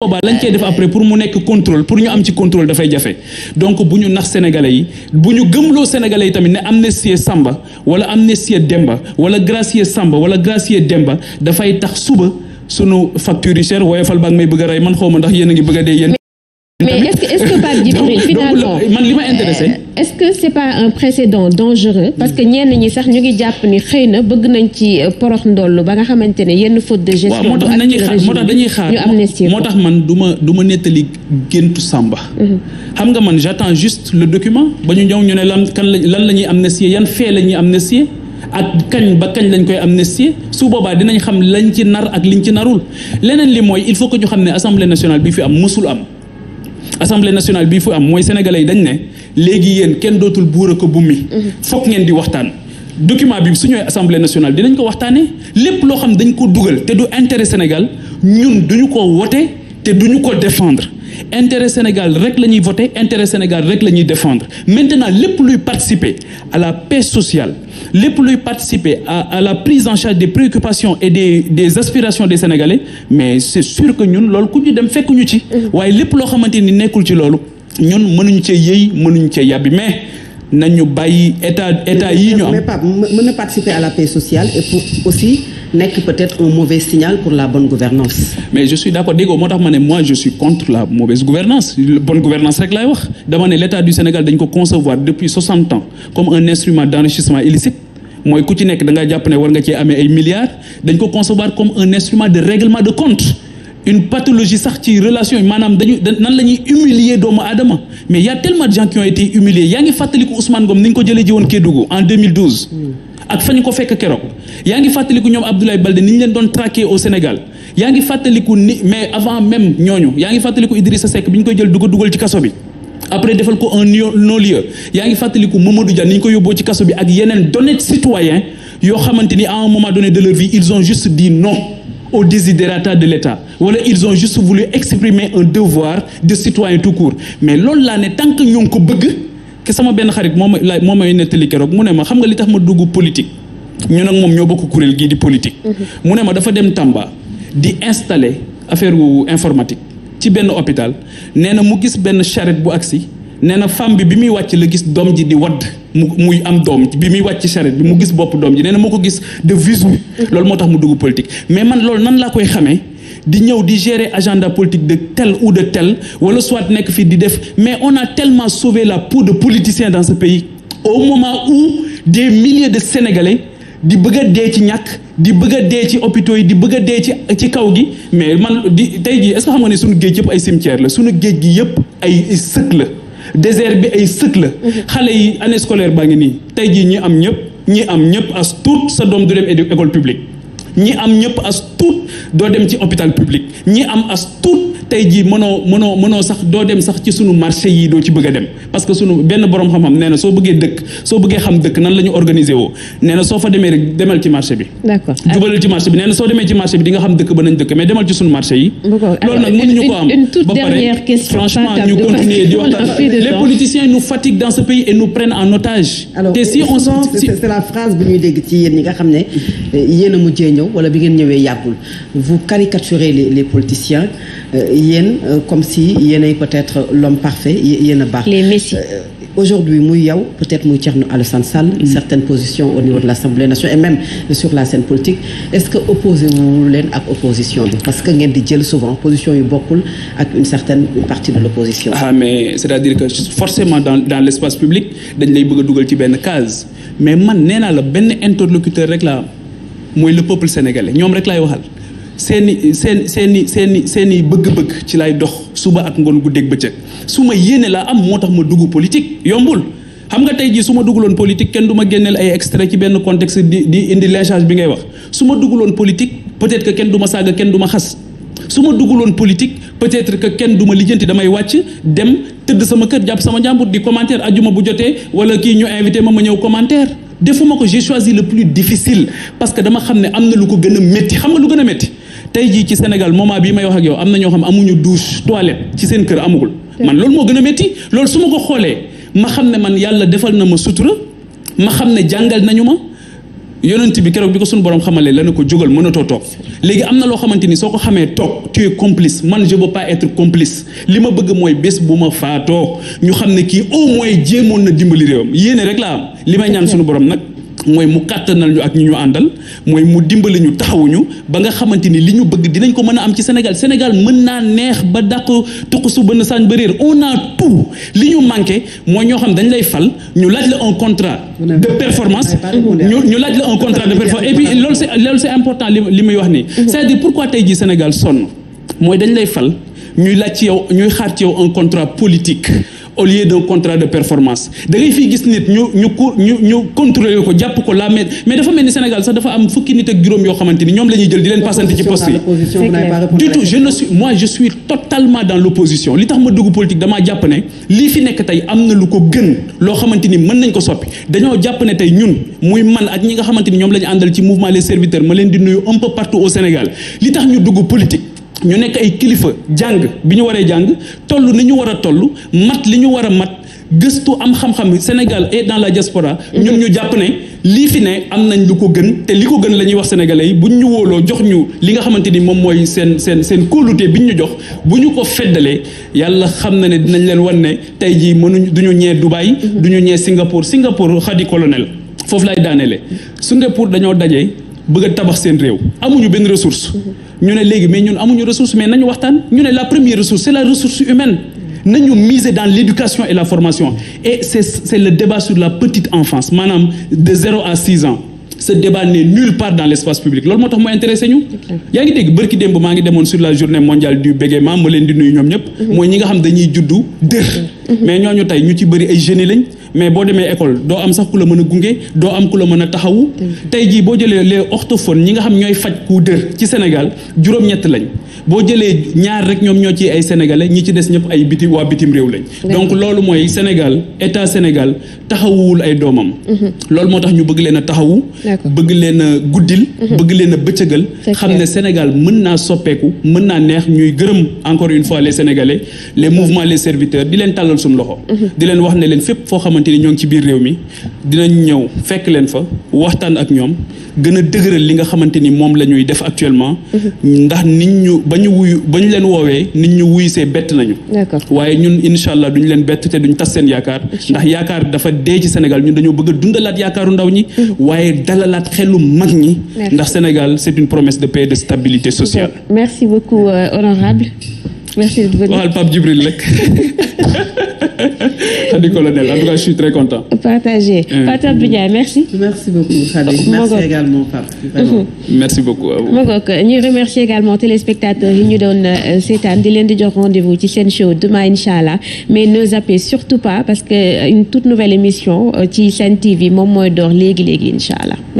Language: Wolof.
boobaa lañ cey def après pour mu nekk contrôle pour ñu am ci contrôle dafay jafe donc bu ñu nax sénégalais yi bu ñu gëmloo sénégalais yi tamit ne amnistie Samba wala amnistie Demba wala gracier Samba wala gracier Demba dafay tax suba sunu facture yi cher woyofal baa ngi may bëgg a rey man xaw ma ndax yéen a ngi bëgg a dee yéen mais est-ce que est-ce finalement man li ma intéressé euh, est-ce que c'est pas un précédent dangereux parce que ñenn ñi sax ñu ngi jàpp ni xëy na bëgg nañ ci euh, porox ndollu ba nga xamante ne yenn faute de gestion moo tax dañuy xaar ñu moo tax man du ma du ma nettali géntu Samba mhm. xam nga man j'attends juste le document ba ñu ñëw ñu ne lan kan la lan la ñuy amnistier yan fee la ñuy amnistier ak kañ ba kañ lañ koy amnistie su boobaa dinañ xam lañ ci nar ak liñ ci narul leneen li mooy il faut que ñu xam ne assemblée nationale bi fi am mësul am assemblée nationale bii fu am mooy sénégalais yi dañ ne léegi yéen kenn dootul buur a ko bu mi foog ngeen di waxtaan document bi su ñëwee assemblée nationale dinañ ko waxtaanee lépp loo xam dañ ko dugal te du intérêt Sénégal ñun du ñu ko wote te du ñu ko défendre intérêt Sénégal rek lañuy ñuy voter Sénégal rek la ñuy défendre maintenant lépp luy participer à la paix sociale lépp luy participer à à la prise en charge des préoccupations et des des aspirations des Sénégalais mais c'est sur que ñun lool ku ñu dem fekkuñu ci. Mm-hmm. waaye lépp loo xamante ni nekkul ci loolu ñun mënuñu cee yëy mënuñ cee yàbbi mais. ñu bàyyi état état yi ñu am mais Pape mën na participer à la paix sociale et pour nekk peut-être un mauvais signal pour la bonne gouvernance mais je suis d'accord déggoo moo tax ma ne moi je suis contre la mauvaise gouvernance bonne gouvernance rek laay wax dama ne l'état du Sénégal dañ ko concevoir depuis 60 ans comme un instrument d'enrichissement illicite mooy ku ci nekk da nga jàpp ne war nga cee amee ay milliards dañ ko concevoir comme un instrument de règlement de compte une pathologie sax ci relation maanaam nan la ñuy humilier doomu aadama mais a ni ñu ko jëlee ji woon Kédougou en ak fa ñu ko fekk keroog yaa ngi fàttaliku ñoom Abdoulaye Balde ni ñu leen doon traqué au Sénégal yaa ngi fàttaliku ni mais avant même ñooñu yaa ngi fàttaliku Idrissa Seck bi ñu koy jël dugal dugal ci kaso bi après defal ko un non yaa ngi fàttaliku Mamadou Dia ni ñu ko yóbboo ci kaso bi ak yeneen d'honnêtes citoyens yoo xamante ni à un moment donné de leur vie ils ont juste dit non au desiderata de l'État wala ils ont juste voulu exprimer un devoir de citoyen tout court mais loolu laa ne tant que ñoo ngi ko bëgg. ke sama benn xarit moo ma la moo may nettali keroog mu ne ma xam nga li tax ma dugg politique ñu nag moom ñoo bokk kuréel gii di politique. Mm-hmm. mu ne ma dafa dem Tamba di installer affaire wu informatique ci benn hôpital nee na mu gis benn charrette bu agsi nee na femme bi bi muy wàcc la gis doom ji di wadd mu muy am doom bi muy wàcc charrette bi mu gis bopp doom ji nee na moo ko gis de visu mm-hmm. loolu moo tax mu dugg politique mais man loolu nan laa koy xamee di ñëw di gérer agenda politique de tel ou de tel wala soit nekk fii di def mais on a tellement sauvé la pour de politiciens dans ce pays au moment où des milliers de Sénégalais di bëgg a dee ci ñàkk di bëgg dee ci hôpitaux yi di bëgg a dee ci ci kaw gi mais man di tey jii est-ce que xam nga ne suñu géej yëpp ay cimetière la suñu géej gi yëpp ay sëkk la désert bi ay sëkk la mhm. xale yi année scolaire baa ngi nii tey jii ñi am ñëpp ñi am ñëpp a tuut sa doom du dem école publique ñi am ñëpp as tuut doo dem ci hôpital public ñi am as tuut tey jii mënoo mënoo mënoo sax doo dem sax ci suñu marché yi doo ci bëgg dem parce que sunu benn borom xam-xam nee soo bëggee dëkk soo bëggee xam dëkk nan la ñu organiser woo nee na soo fa demee rek demal ci marché bi. d'accord nee na soo demee ci marché bi di nga xam dëkk ba nañ dëkk mais demal ci sunu marché yi. loolu nag mënuñu ko am ba pare franchement ñu continuer di waxtaan les politiciens nous fatiguent dans ce pays et nous prennent en otage. te si on se c'est la phrase bu ñuy dégg ci yéen ñi nga xam ne eh, yéen a mujjee ñëw wala bi ngeen ñëwee yàggul vous caricaturez les les politiciens. Euh, yéen euh, comme si yéenay peut-être l'homme parfait yéen a baax. les messi. Euh, aujourd'hui muy yow peut-être muy Thierno Alassane Sall. Mm. certaines position au niveau de l'Assemblée nation et même sur la scène politique est-ce que opposé wu leen ak opposition bi parce que ngeen di jël souvent position yu bokkul ak une certaine partie de l'opposition. ah mais c'est-à-dire que forcément dans dans l'espace public dañ lay bëgg dugal ci benn case mais man nee naa la benn interlocuteur rek la mooy le peuple sénégalais ñoom rek laay waxal. seeni seen seeni seeni seeni bëgg-bëgg ci lay dox suba ak ngoon guddeeg bëccëg su ma yéene laa am moo tax ma dugg politique yombul xam nga tey jii su ma dugguloon kenn du ma génneel ay ci benn contexte di indi lynchage bi ngay wax su ma dugguloon politique peut-être que kenn du ma saaga kenn du ma xas ma dugguloon politique peut-être que kenn du ma lijjanti damay wàcc dem tëdd sama kër jàpp sama jàmbur di commentaire ajuma bu jotee wala kii ñu invité ma ma ñëw commentaire defuma ko j'ai le plus difficile parce que dama xam ne am na lu ko gën a métti xam nga lu gën a métti tey jii ci Sénégal moment bi may wax ak yow am na ñoo xam amuñu douche toilette ci seen kër amugul man loolu moo gën a métti loolu su ma ko xoolee ma xam ne man yàlla defal na ma sutura ma xam ne jàngal nañu ma yonent bi keroog bi ko suñu borom xamalee la ne ko jógal mënatoo toog léegi am na loo xamante ni soo ko xamee toog tu es complice man je veux pas être complice li ma bëgg mooy bés bu ma faatoo ñu xam ne kii au moins jéemoon na dimbali réewam yéene rek laa li may ñaan suñu borom nag. mooy mu kàttanal ñu ak ñu ñu àndal mooy mu dimbali ñu taxawuñu ba nga xamante ni li ñu bëgg dinañ ko mën a am ci Sénégal Sénégal mën naa neex ba dàq tuq su bënn saañ ba réer a tout li ñu manqué mooy ñoo xam dañ lay fal ñu laaj la un contrat de performance ñu ñu laaj la un contrat de performance et puis loolu important li li muy wax nii c'est-à-dire tey jii Sénégal sonn mooy dañ lay fal ñuy laaj ci yow ñuy xaar ci yow un contrat politique au lieu d'un contrat de performance da ngay fii gis nit ñu ñu ko ñu ñu contrôler ko jàpp ko la mais mais dafa mel ni Sénégal ni ñoom la du tout je ne suis moi je suis totalement dans dugg politique damaa jàpp ne lii fi nekk tey am na lu ko gën loo xamante ni mën nañ ko soppi dañoo jàpp ne tey ñun muy man ak ñi nga xamante ni ñoom la ñu àndal ci mouvement les serviteurs ma leen di nuyu un peu partout au Sénégal li tax ñu dugg politique ñu nekk ay kilifa jàng bi ñu waree jàng toll ni ñu war a toll mat li ñu war a mat gëstu am xam-xam Sénégal et dans la diaspora ñun ñu jàpp ne lii fi ne am nañ lu ko gën te li ko gën la ñuy wax sénégalais yi buñ ñu wóoloo jox ñu li nga xamante ni moom mooy seen seen seen kóolute biñ ñu jox bu ñu ko feddalee yàlla xam na ne dinañ leen wan ne tey jii mënuñ du ñu ñee Dubaï du ñu ñee Singapour Singapour xadi colonel foofu lay daaneele Singapour dañoo dajee bëgg tabax seen réew amuñu benn ressource ñu ne léegi mais ñun amuñu ressource mais nañu waxtaan ñu ne la première ressource c'est la ressource humaine nañu miser dans l'éducation et la formation et c'est c'est le débat sur la petite enfance maanaam de zéro à six ans ce débat n'est nulle part dans l'espace public loolu moo tax mu intéressé ñu yaa ngi dégg bërki démb maa ngi demoon sur la journée mondiale du bégaiement ma leen di nuyu ñoom ñëpp mooy ñi nga mm-hmm. mais ñooñu tey ñu ci bëri ay jeunes lañ mais boo demee école doo am sax ku la mën a gunge doo am ku la mën a taxawu tey jii boo jëlee les orthophones ñi nga xam ñooy faj ku dër ci Sénégal juróom-ñett lañ boo jëlee ñaar rek ñoom ñoo ci ay sénégalais ñi ci des ñëpp ay biti waa bitim réew lañ donc loolu mooy Sénégal état Sénégal taxawuwul ay doomam mhm. loolu moo tax ñu bëgg leen a taxawu bëgg leen guddil mhm. bëgg leen a bëccëgal xam ne Sénégal mën naa soppeeku mën naa neex ñuy gërëm encore une fois les Sénégalais les mouvements les serviteurs di leen tàllal suñu loxo mhm. xamante ni ñoo ngi ci biir réew mi dinañ fekk leen fa waxtaan ak ñoom gën a dëgëral li nga xamante ni moom la ñuy def actuellement. Mm-hmm. ndax nit ñu ba ñu wuyu leen woowee nit ñu wuyu see bett nañu. waaye ñun incha allah duñ leen bett te tas seen yaakaar. ndax yaakaar dafa dee ci Sénégal ñun dañoo bëgg a yaakaaru ndaw ñi. Mm-hmm. waaye dalalaat xelu mag ñi. ndax Sénégal c'est une promesse de paix de stabilité sociale. merci beaucoup euh, honorable merci de rek. cher du colonel. En tout cas, je suis très content. Partagé. Fatou euh. Abdou Ndiaye, merci. Merci beaucoup, Khady. Merci également, Pape. Merci beaucoup à vous. ma kook ñuy remercier également téléspectateurs yi ñu doon euh, seetaan di leen di jox rendez-vous ci seen show demain incha allah mais ne zappez surtout pas parce que euh, une toute nouvelle émission ci Sen TV moom mooy door léegi léegi incha allah.